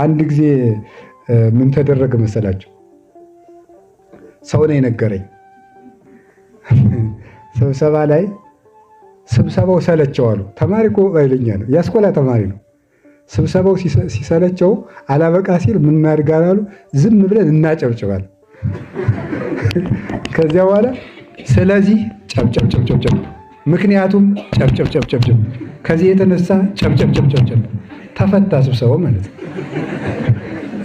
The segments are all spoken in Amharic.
አንድ ጊዜ ምን ተደረገ መሰላቸው? ሰው ነው የነገረኝ። ስብሰባ ላይ ስብሰባው ሰለቸው አሉ። ተማሪ እኮ ኃይለኛ ነው፣ የአስኮላ ተማሪ ነው። ስብሰባው ሲሰለቸው አላበቃ ሲል ምን እናድርጋለን አሉ። ዝም ብለን እናጨብጭባል። ከዚያ በኋላ ስለዚህ ጨብጨብጨብጨብጨብ፣ ምክንያቱም ጨብጨብጨብጨብጨብ፣ ከዚህ የተነሳ ጨብጨብጨብጨብጨብ ተፈታ ስብሰባው ማለት ነው።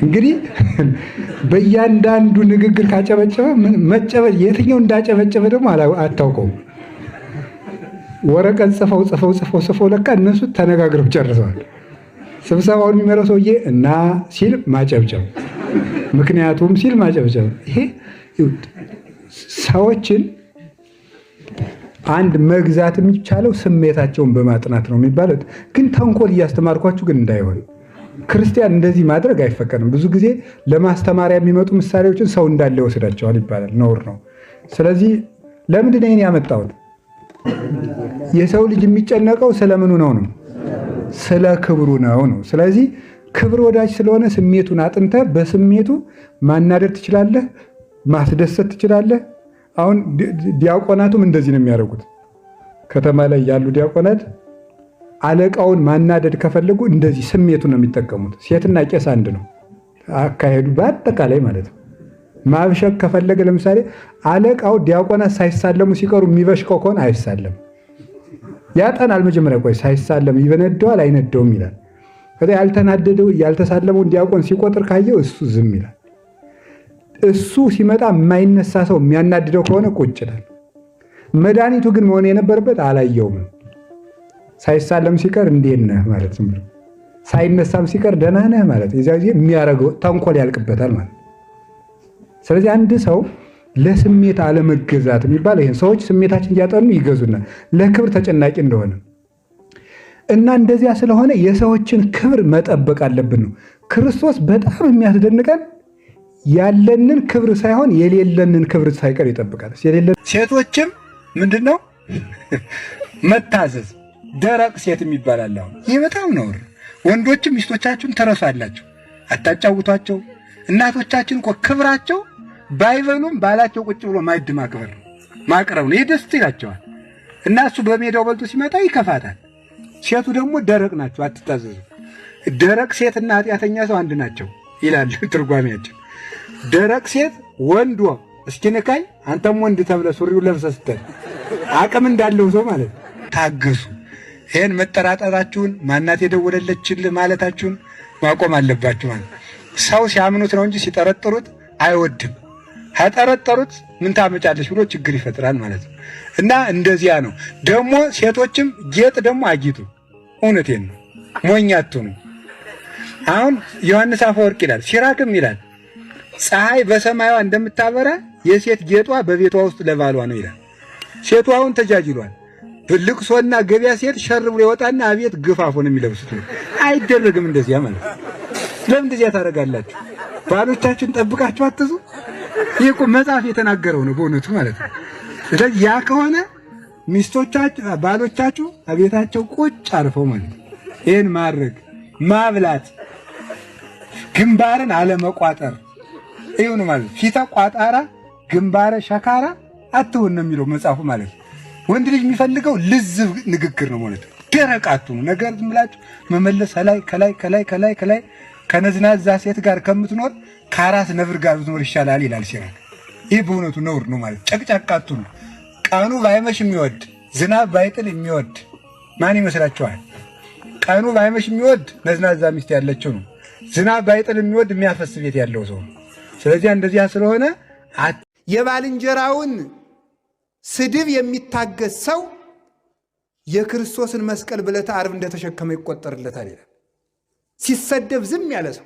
እንግዲህ በእያንዳንዱ ንግግር ካጨበጨበ መጨበ የትኛው እንዳጨበጨበ ደግሞ አታውቀውም። ወረቀት ጽፈው ጽፈው ጽፈው ጽፈው ለካ እነሱ ተነጋግረው ጨርሰዋል። ስብሰባውን የሚመራው ሰውዬ እና ሲል ማጨብጨብ፣ ምክንያቱም ሲል ማጨብጨብ። ይሄ ሰዎችን አንድ መግዛት የሚቻለው ስሜታቸውን በማጥናት ነው የሚባለው። ግን ተንኮል እያስተማርኳችሁ ግን እንዳይሆን ክርስቲያን እንደዚህ ማድረግ አይፈቀድም። ብዙ ጊዜ ለማስተማሪያ የሚመጡ ምሳሌዎችን ሰው እንዳለ ይወስዳቸዋል ይባላል፣ ነውር ነው። ስለዚህ ለምንድን ይህን ያመጣሁት? የሰው ልጅ የሚጨነቀው ስለምኑ ነው ነው? ስለ ክብሩ ነው ነው። ስለዚህ ክብር ወዳጅ ስለሆነ ስሜቱን አጥንተ በስሜቱ ማናደር ትችላለህ፣ ማስደሰት ትችላለህ አሁን ዲያቆናቱም እንደዚህ ነው የሚያደርጉት። ከተማ ላይ ያሉ ዲያቆናት አለቃውን ማናደድ ከፈለጉ እንደዚህ ስሜቱን ነው የሚጠቀሙት። ሴትና ቄስ አንድ ነው አካሄዱ በአጠቃላይ ማለት ነው። ማብሸቅ ከፈለገ ለምሳሌ አለቃው ዲያቆናት ሳይሳለሙ ሲቀሩ የሚበሽቀው ከሆነ አይሳለም፣ ያጠናል። መጀመሪያ ቆይ ሳይሳለም ይበነደዋል፣ አይነደውም ይላል። ያልተናደደው ያልተሳለመውን ዲያቆን ሲቆጥር ካየው እሱ ዝም ይላል። እሱ ሲመጣ የማይነሳ ሰው የሚያናድደው ከሆነ ቁጭ ይላል። መድኃኒቱ ግን መሆን የነበረበት አላየውም። ሳይሳለም ሲቀር እንዴት ነህ ማለት ነው። ሳይነሳም ሲቀር ደህና ነህ ማለት የዚያ ጊዜ የሚያደርገው ተንኮል ያልቅበታል ማለት። ስለዚህ አንድ ሰው ለስሜት አለመገዛት የሚባል ይሄን ሰዎች ስሜታችን እያጠኑ ይገዙና ለክብር ተጨናቂ እንደሆነ እና እንደዚያ ስለሆነ የሰዎችን ክብር መጠበቅ አለብን ነው። ክርስቶስ በጣም የሚያስደንቀን ያለንን ክብር ሳይሆን የሌለንን ክብር ሳይቀር ይጠብቃል። ሴቶችም ምንድን ነው መታዘዝ፣ ደረቅ ሴት የሚባል አለ። አሁን ይህ በጣም ነው። ወንዶችም ሚስቶቻችሁን ትረሷላችሁ፣ አታጫውቷቸው። እናቶቻችን እኮ ክብራቸው ባይበሉም ባላቸው ቁጭ ብሎ ማዕድ ማክበር ነው ማቅረብ ነው። ይህ ደስ ይላቸዋል። እና እሱ በሜዳው በልቶ ሲመጣ ይከፋታል። ሴቱ ደግሞ ደረቅ ናቸው፣ አትታዘዙ። ደረቅ ሴትና ኃጢአተኛ ሰው አንድ ናቸው ይላል ትርጓሜያችን። ደረቅ ሴት ወንድ እስኪነካኝ አንተም ወንድ ተብለ ሱሪውን ለብሰ ስትል አቅም እንዳለው ሰው ማለት ታገሱ። ይህን መጠራጠራችሁን ማናት የደወለለችል ማለታችሁን ማቆም አለባችሁ። ማለት ሰው ሲያምኑት ነው እንጂ ሲጠረጥሩት አይወድም። ከጠረጠሩት ምን ታመጫለች ብሎ ችግር ይፈጥራል ማለት ነው። እና እንደዚያ ነው ደግሞ ሴቶችም ጌጥ ደግሞ አጊጡ። እውነቴን ነው፣ ሞኛቱ ነው። አሁን ዮሐንስ አፈወርቅ ይላል ሲራክም ይላል ፀሐይ በሰማያዋ እንደምታበራ የሴት ጌጧ በቤቷ ውስጥ ለባሏ ነው ይላል። ሴቷ አሁን ተጃጅሏል። ልቅሶና ገበያ ሴት ሸር ብሎ ይወጣና አቤት ግፋፎ ነው የሚለብሱት። አይደረግም እንደዚያ ማለት ለምን እንደዚያ ታደርጋላችሁ? ባሎቻችሁን ጠብቃችሁ አትዙ። ይህ እኮ መጽሐፍ የተናገረው ነው በእውነቱ ማለት ነው። ስለዚህ ያ ከሆነ ሚስቶቻችሁ ባሎቻችሁ አቤታቸው ቁጭ አርፈው ማለት ይህን ማድረግ ማብላት፣ ግንባርን አለመቋጠር ይሁን ማለት ፊተ ቋጣራ ግንባረ ሸካራ አትሁን ነው የሚለው መጽሐፉ ማለት ነው። ወንድ ልጅ የሚፈልገው ልዝብ ንግግር ነው ማለት ነው። ደረቅ ነገር ዝም ብላችሁ መመለስ ላይ ከላይ ከላይ ከላይ ከላይ ከነዝናዛ ሴት ጋር ከምትኖር ከአራት ነብር ጋር ብትኖር ይሻላል ይላል ሲራክ። ይህ በእውነቱ ነውር ነው ማለት ጨቅጫቅ አትሁኑ። ቀኑ ባይመሽ የሚወድ ዝናብ ባይጥል የሚወድ ማን ይመስላችኋል? ቀኑ ባይመሽ የሚወድ ነዝናዛ ሚስት ያለችው ነው። ዝናብ ባይጥል የሚወድ የሚያፈስ ቤት ያለው ሰው ነው። ስለዚያ እንደዚያ ስለሆነ የባልንጀራውን ስድብ የሚታገስ ሰው የክርስቶስን መስቀል ብለተ ዓርብ እንደተሸከመ ይቆጠርለታል ይላል። ሲሰደብ ዝም ያለ ሰው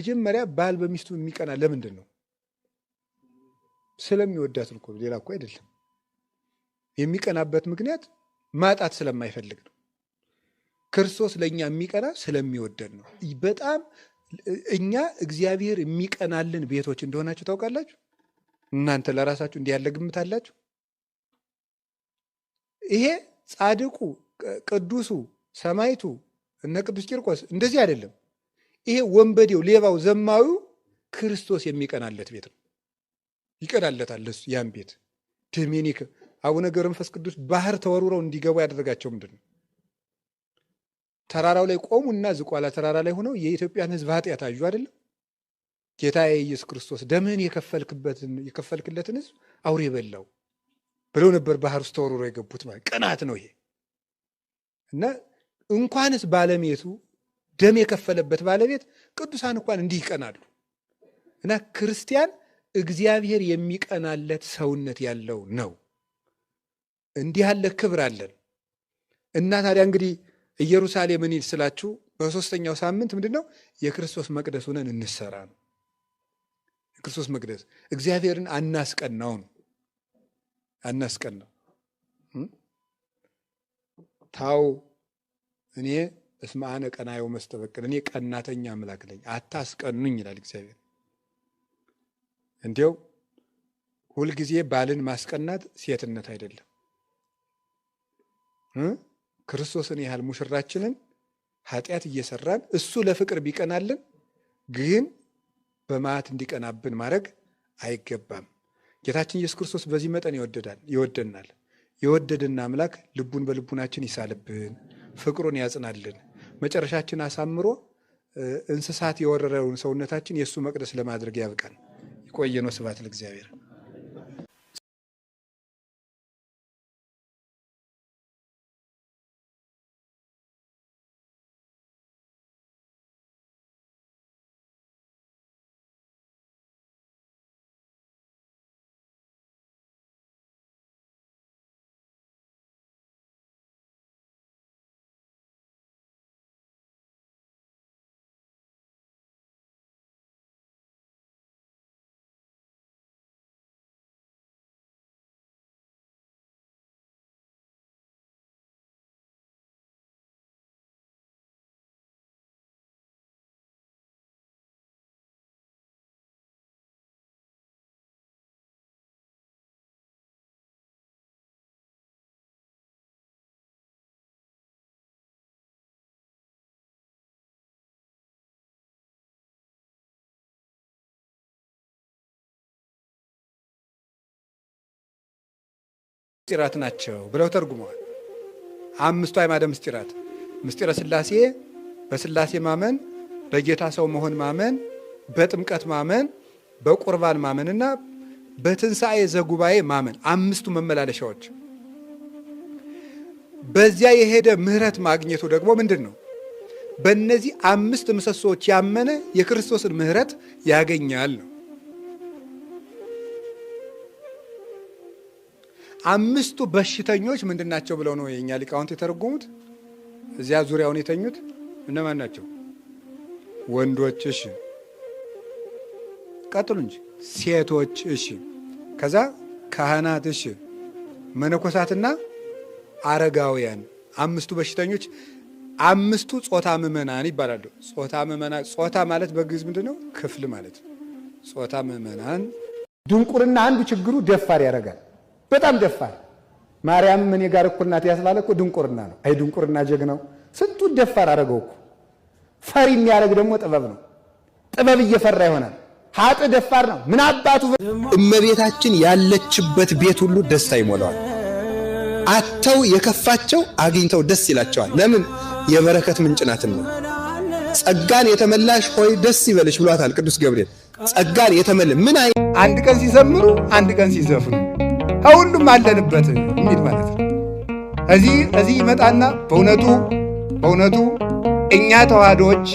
መጀመሪያ ባል በሚስቱ የሚቀና ለምንድን ነው? ስለሚወዳት እኮ ሌላ እኮ አይደለም። የሚቀናበት ምክንያት ማጣት ስለማይፈልግ ነው። ክርስቶስ ለእኛ የሚቀና ስለሚወደን ነው። በጣም እኛ እግዚአብሔር የሚቀናልን ቤቶች እንደሆናችሁ ታውቃላችሁ። እናንተ ለራሳችሁ እንዲህ ያለ ግምት አላችሁ። ይሄ ጻድቁ ቅዱሱ ሰማይቱ እነ ቅዱስ ቂርቆስ እንደዚህ አይደለም። ይሄ ወንበዴው፣ ሌባው፣ ዘማዊው ክርስቶስ የሚቀናለት ቤት ነው። ይቀናለታል እሱ ያን ቤት። ዶሚኒክ አቡነ ገብረ መንፈስ ቅዱስ ባህር ተወርውረው እንዲገቡ ያደረጋቸው ምንድን ነው? ተራራው ላይ ቆሙና ዝቋላ ተራራ ላይ ሆነው የኢትዮጵያን ሕዝብ ኃጢአት አዩ አይደለም። ጌታ የኢየሱስ ክርስቶስ ደምህን የከፈልክለትን ሕዝብ አውሬ በላው ብለው ነበር ባህር ውስጥ ተወርውረው የገቡት። ማለት ቅናት ነው ይሄ እና እንኳንስ ባለሜቱ ደም የከፈለበት ባለቤት ቅዱሳን እንኳን እንዲህ ይቀናሉ እና ክርስቲያን እግዚአብሔር የሚቀናለት ሰውነት ያለው ነው። እንዲህ ያለ ክብር አለን እና ታዲያ እንግዲህ ኢየሩሳሌምን ይል ስላችሁ በሶስተኛው ሳምንት ምንድን ነው የክርስቶስ መቅደስ ሆነን እንሰራ ነው። የክርስቶስ መቅደስ እግዚአብሔርን አናስቀናው ነው አናስቀናው ታው እኔ እስመ አነ ቀናዮ መስተበቅል፣ እኔ ቀናተኛ አምላክ ነኝ፣ አታስቀኑኝ ይላል እግዚአብሔር። እንዲው ሁልጊዜ ባልን ማስቀናት ሴትነት አይደለም። ክርስቶስን ያህል ሙሽራችንን ኃጢአት እየሰራን እሱ ለፍቅር ቢቀናልን ግን በማት እንዲቀናብን ማድረግ አይገባም። ጌታችን ኢየሱስ ክርስቶስ በዚህ መጠን ይወደዳል ይወደናል። የወደደን አምላክ ልቡን በልቡናችን ይሳልብን፣ ፍቅሩን ያጽናልን። መጨረሻችን አሳምሮ እንስሳት የወረረውን ሰውነታችን የእሱ መቅደስ ለማድረግ ያብቃን። የቆየ ነው። ስብሐት ለእግዚአብሔር። ምስጢራት ናቸው ብለው ተርጉመዋል። አምስቱ አዕማደ ምስጢራት ምስጢረ ስላሴ በስላሴ ማመን፣ በጌታ ሰው መሆን ማመን፣ በጥምቀት ማመን፣ በቁርባን ማመንና በትንሣኤ ዘጉባኤ ማመን አምስቱ መመላለሻዎች። በዚያ የሄደ ምሕረት ማግኘቱ ደግሞ ምንድን ነው? በእነዚህ አምስት ምሰሶዎች ያመነ የክርስቶስን ምሕረት ያገኛል ነው። አምስቱ በሽተኞች ምንድን ናቸው ብለው ነው የእኛ ሊቃውንት የተረጎሙት። እዚያ ዙሪያውን የተኙት እነማን ናቸው? ወንዶች። እሺ፣ ቀጥሉ እንጂ ሴቶች። እሺ፣ ከዛ ካህናት። እሺ፣ መነኮሳትና አረጋውያን አምስቱ በሽተኞች አምስቱ ጾታ ምእመናን ይባላሉ። ጾታ ምእመናን፣ ጾታ ማለት በግዕዝ ምንድን ነው? ክፍል ማለት ጾታ ምእመናን። ድንቁርና አንዱ ችግሩ ደፋር ያደርጋል። በጣም ደፋር ማርያም እኔ ጋር እኩል ናት ያስባለ እኮ ድንቁርና ነው። አይ ድንቁርና ጀግናው ስንቱ ደፋር አደረገው እኮ። ፈሪ የሚያደርግ ደግሞ ጥበብ ነው። ጥበብ እየፈራ ይሆናል። ሀጥ ደፋር ነው። ምን አባቱ እመቤታችን ያለችበት ቤት ሁሉ ደስታ ይሞላዋል። አተው የከፋቸው አግኝተው ደስ ይላቸዋል። ለምን? የበረከት ምንጭ ናትና። ጸጋን የተመላሽ ሆይ ደስ ይበልሽ ብሏታል ቅዱስ ገብርኤል። ጸጋን የተመለ ምን አይ አንድ ቀን ሲዘምሩ አንድ ቀን ሲዘፍኑ ከሁሉም አለንበት የሚል ማለት ነው። እዚህ እዚህ ይመጣና በእውነቱ በእውነቱ እኛ ተዋህዶዎች፣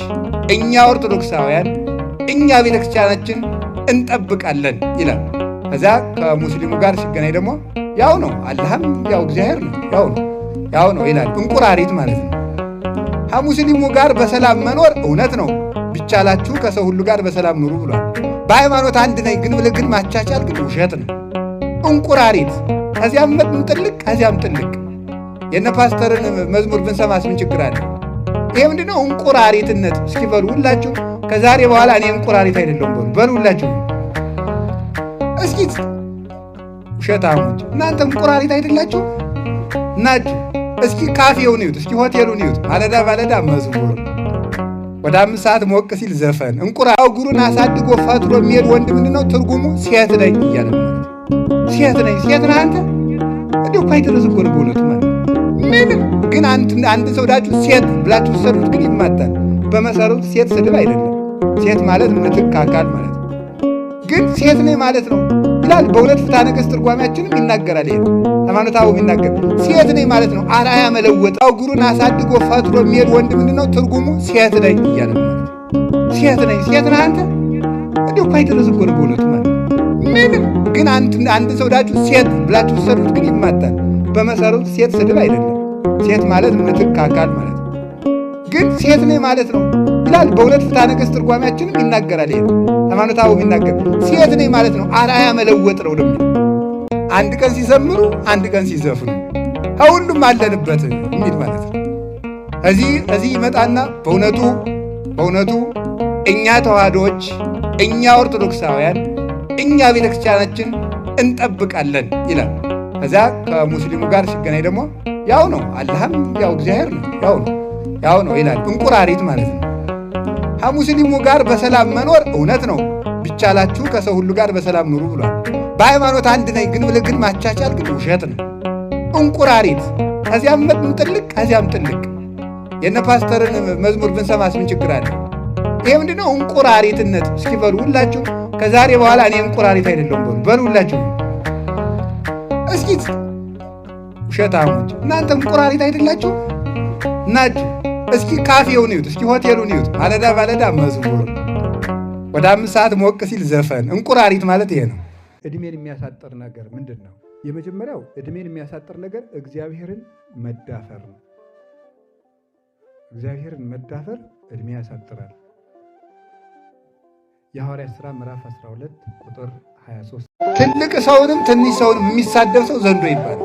እኛ ኦርቶዶክሳውያን፣ እኛ ቤተክርስቲያናችን እንጠብቃለን ይላል። ከዛ ከሙስሊሙ ጋር ሲገናኝ ደግሞ ያው ነው አላህም ያው እግዚአብሔር ነው ያው ነው ያው ነው ይላል። እንቁራሪት ማለት ነው። ከሙስሊሙ ጋር በሰላም መኖር እውነት ነው። ቢቻላችሁ ከሰው ሁሉ ጋር በሰላም ኑሩ ብሏል። በሃይማኖት አንድ ነኝ ግን ብለህ ግን ማቻቻል ግን ውሸት ነው። እንቁራሪት ከዚያም ጥልቅ ከዚያም ጥልቅ የነ ፓስተርን መዝሙር ብንሰማስ ምን ችግር አለ? ይሄ ምንድነው? እንቁራሪትነት። እስኪ በሉ ሁላችሁ ከዛሬ በኋላ እኔ እንቁራሪት አይደለሁም በሉ በሉ ሁላችሁ እስኪ ውሸታሞች እናንተ እንቁራሪት አይደላችሁ ናችሁ። እስኪ ካፌውን ይዩት፣ እስኪ ሆቴሉን ይዩት። ማለዳ ማለዳ መዝሙር ወደ አምስት ሰዓት ሞቅ ሲል ዘፈን እንቁራ እግሩን አሳድጎ ፈጥሮ የሚሄድ ወንድ ነው ትርጉሙ? ሴት ነኝ እያለ ሴት ነኝ ሴት ነህ አንተ እንዲሁ እኳ አይደረስ እኮ ነው በእውነቱ ማለት ምንም ግን አንድ ሰው ዳችሁ ሴት ብላችሁ ሰሩት ግን ይማጣል። በመሰረቱ ሴት ስድብ አይደለም ሴት ማለት ምትክ አካል ማለት ነው ግን ሴት ነኝ ማለት ነው ይላል በእውነት ፍትሐ ነገሥት ትርጓሚያችንም ይናገራል ይሄ ሃይማኖታዊ ይናገር ሴት ነኝ ማለት ነው አርአያ መለወጥ እግሩን አሳድጎ ፈትሮ የሚሄድ ወንድ ምንድን ነው ትርጉሙ ሴት ነኝ እያለ ሴት ነኝ ሴት ነህ አንተ እንዲሁ እኳ አይደረስ እኮ ነው በእውነቱ ማለት ሜትር ግን አንድ ሰው ዳችሁ ሴት ብላችሁ ሰሩት ግን ይማታል። በመሰረቱ ሴት ስድብ አይደለም። ሴት ማለት ምትክ አካል ማለት ነው። ግን ሴት ነኝ ማለት ነው ይላል። በእውነት ፍትሐ ነገሥት ትርጓሚያችንም ይናገራል። ይሄ ሃይማኖት አበው ይናገር ሴት ነኝ ማለት ነው። አርአያ መለወጥ ነው ደግሞ አንድ ቀን ሲዘምሩ፣ አንድ ቀን ሲዘፍኑ ከሁሉም አለንበት የሚል ማለት ነው። እዚህ እዚህ ይመጣና በእውነቱ በእውነቱ እኛ ተዋህዶዎች እኛ ኦርቶዶክሳውያን እኛ ቤተክርስቲያናችን እንጠብቃለን ይላል። ከዚያ ከሙስሊሙ ጋር ሲገናኝ ደግሞ ያው ነው አላህም ያው እግዚአብሔር ነው ያው ነው ያው ነው ይላል። እንቁራሪት ማለት ነው። ከሙስሊሙ ጋር በሰላም መኖር እውነት ነው። ቢቻላችሁ ከሰው ሁሉ ጋር በሰላም ኑሩ ብሏል። በሃይማኖት አንድ ነኝ ግን ብለህ ግን ማቻቻል ግን ውሸት ነው። እንቁራሪት ከዚያም ጥልቅ ከዚያም ጥልቅ የነ ፓስተርን መዝሙር ብንሰማስ ምን ችግር አለ? ይሄ ምንድነው? እንቁራሪትነት። እስኪበሉ ሁላችሁም ከዛሬ በኋላ እኔ እንቁራሪት አይደለሁም በሉ በሉላችሁ። እስኪ ውሸታሞች እናንተ እንቁራሪት አይደላችሁ ናችሁ። እስኪ ካፌውን ይዩት፣ እስኪ ሆቴሉን ይዩት። ማለዳ ማለዳ መዝሙር ወደ አምስት ሰዓት ሞቅ ሲል ዘፈን። እንቁራሪት ማለት ይሄ ነው። እድሜን የሚያሳጥር ነገር ምንድን ነው? የመጀመሪያው እድሜን የሚያሳጥር ነገር እግዚአብሔርን መዳፈር ነው። እግዚአብሔርን መዳፈር እድሜ ያሳጥራል። የሐዋርያት ሥራ ምዕራፍ 12 ቁጥር 23። ትልቅ ሰውንም ትንሽ ሰውን የሚሳደብ ሰው ዘንዶ ይባላል።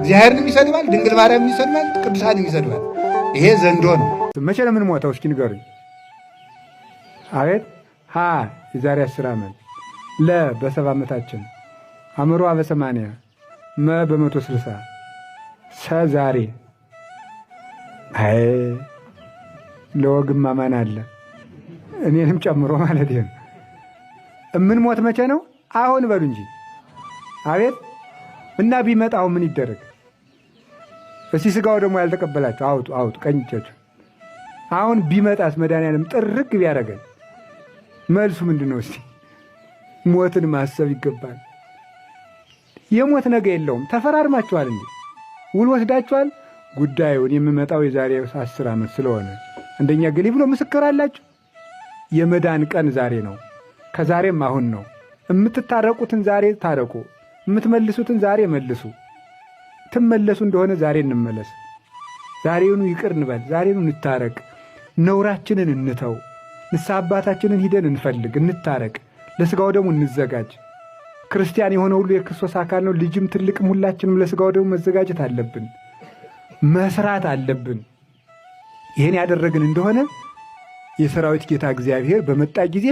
እግዚአብሔርንም ይሰድባል፣ ድንግል ማርያም ይሰድባል፣ ቅዱሳንም ይሰድባል። ይሄ ዘንዶ ነው። መቼ ለምን ሞተው እስኪ ንገሩኝ። አቤት ሀ የዛሬ አስር ዓመት ለ በሰባ ዓመታችን አእምሮ በሰማንያ መ በመቶ ስልሳ ሰ ዛሬ አይ ለወግም አማን አለ እኔንም ጨምሮ ማለት ነው። እምንሞት መቼ ነው? አሁን በሉ እንጂ አቤት። እና ቢመጣው ምን ይደረግ? እስቲ ስጋው ደግሞ ያልተቀበላችሁ አውጡ፣ አውጡ ቀኝ እጃችሁ። አሁን ቢመጣስ መድኃኒዓለም ጥርግ ቢያደርገን መልሱ ምንድን ነው? እስቲ ሞትን ማሰብ ይገባል። የሞት ነገ የለውም። ተፈራርማችኋል እንዴ? ውል ወስዳችኋል። ጉዳዩን የምመጣው የዛሬ አስር ዓመት ስለሆነ አንደኛ ገሌ ብሎ ምስክር አላችሁ። የመዳን ቀን ዛሬ ነው፣ ከዛሬም አሁን ነው። የምትታረቁትን ዛሬ ታረቁ፣ የምትመልሱትን ዛሬ መልሱ። ትመለሱ እንደሆነ ዛሬ እንመለስ። ዛሬውኑ ይቅር እንበል፣ ዛሬኑ እንታረቅ፣ ነውራችንን እንተው፣ ንስሐ አባታችንን ሂደን እንፈልግ፣ እንታረቅ፣ ለሥጋው ደግሞ እንዘጋጅ። ክርስቲያን የሆነ ሁሉ የክርስቶስ አካል ነው። ልጅም ትልቅም ሁላችንም ለሥጋው ደግሞ መዘጋጀት አለብን፣ መስራት አለብን። ይህን ያደረግን እንደሆነ የሰራዊት ጌታ እግዚአብሔር በመጣ ጊዜ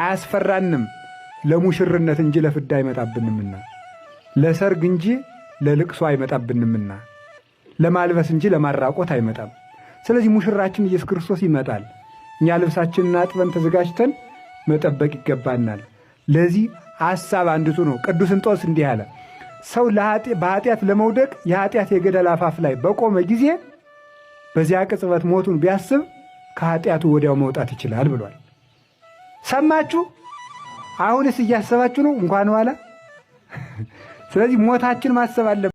አያስፈራንም ለሙሽርነት እንጂ ለፍዳ አይመጣብንምና፣ ለሰርግ እንጂ ለልቅሶ አይመጣብንምና፣ ለማልበስ እንጂ ለማራቆት አይመጣም። ስለዚህ ሙሽራችን ኢየሱስ ክርስቶስ ይመጣል። እኛ ልብሳችንን አጥበን ተዘጋጅተን መጠበቅ ይገባናል። ለዚህ ሐሳብ አንድቱ ነው። ቅዱስ እንጦንስ እንዲህ አለ፣ ሰው በኃጢአት ለመውደቅ የኃጢአት የገደል አፋፍ ላይ በቆመ ጊዜ በዚያ ቅጽበት ሞቱን ቢያስብ ከኃጢአቱ ወዲያው መውጣት ይችላል ብሏል። ሰማችሁ? አሁንስ እያሰባችሁ ነው? እንኳን ዋላ። ስለዚህ ሞታችን ማሰብ አለብን።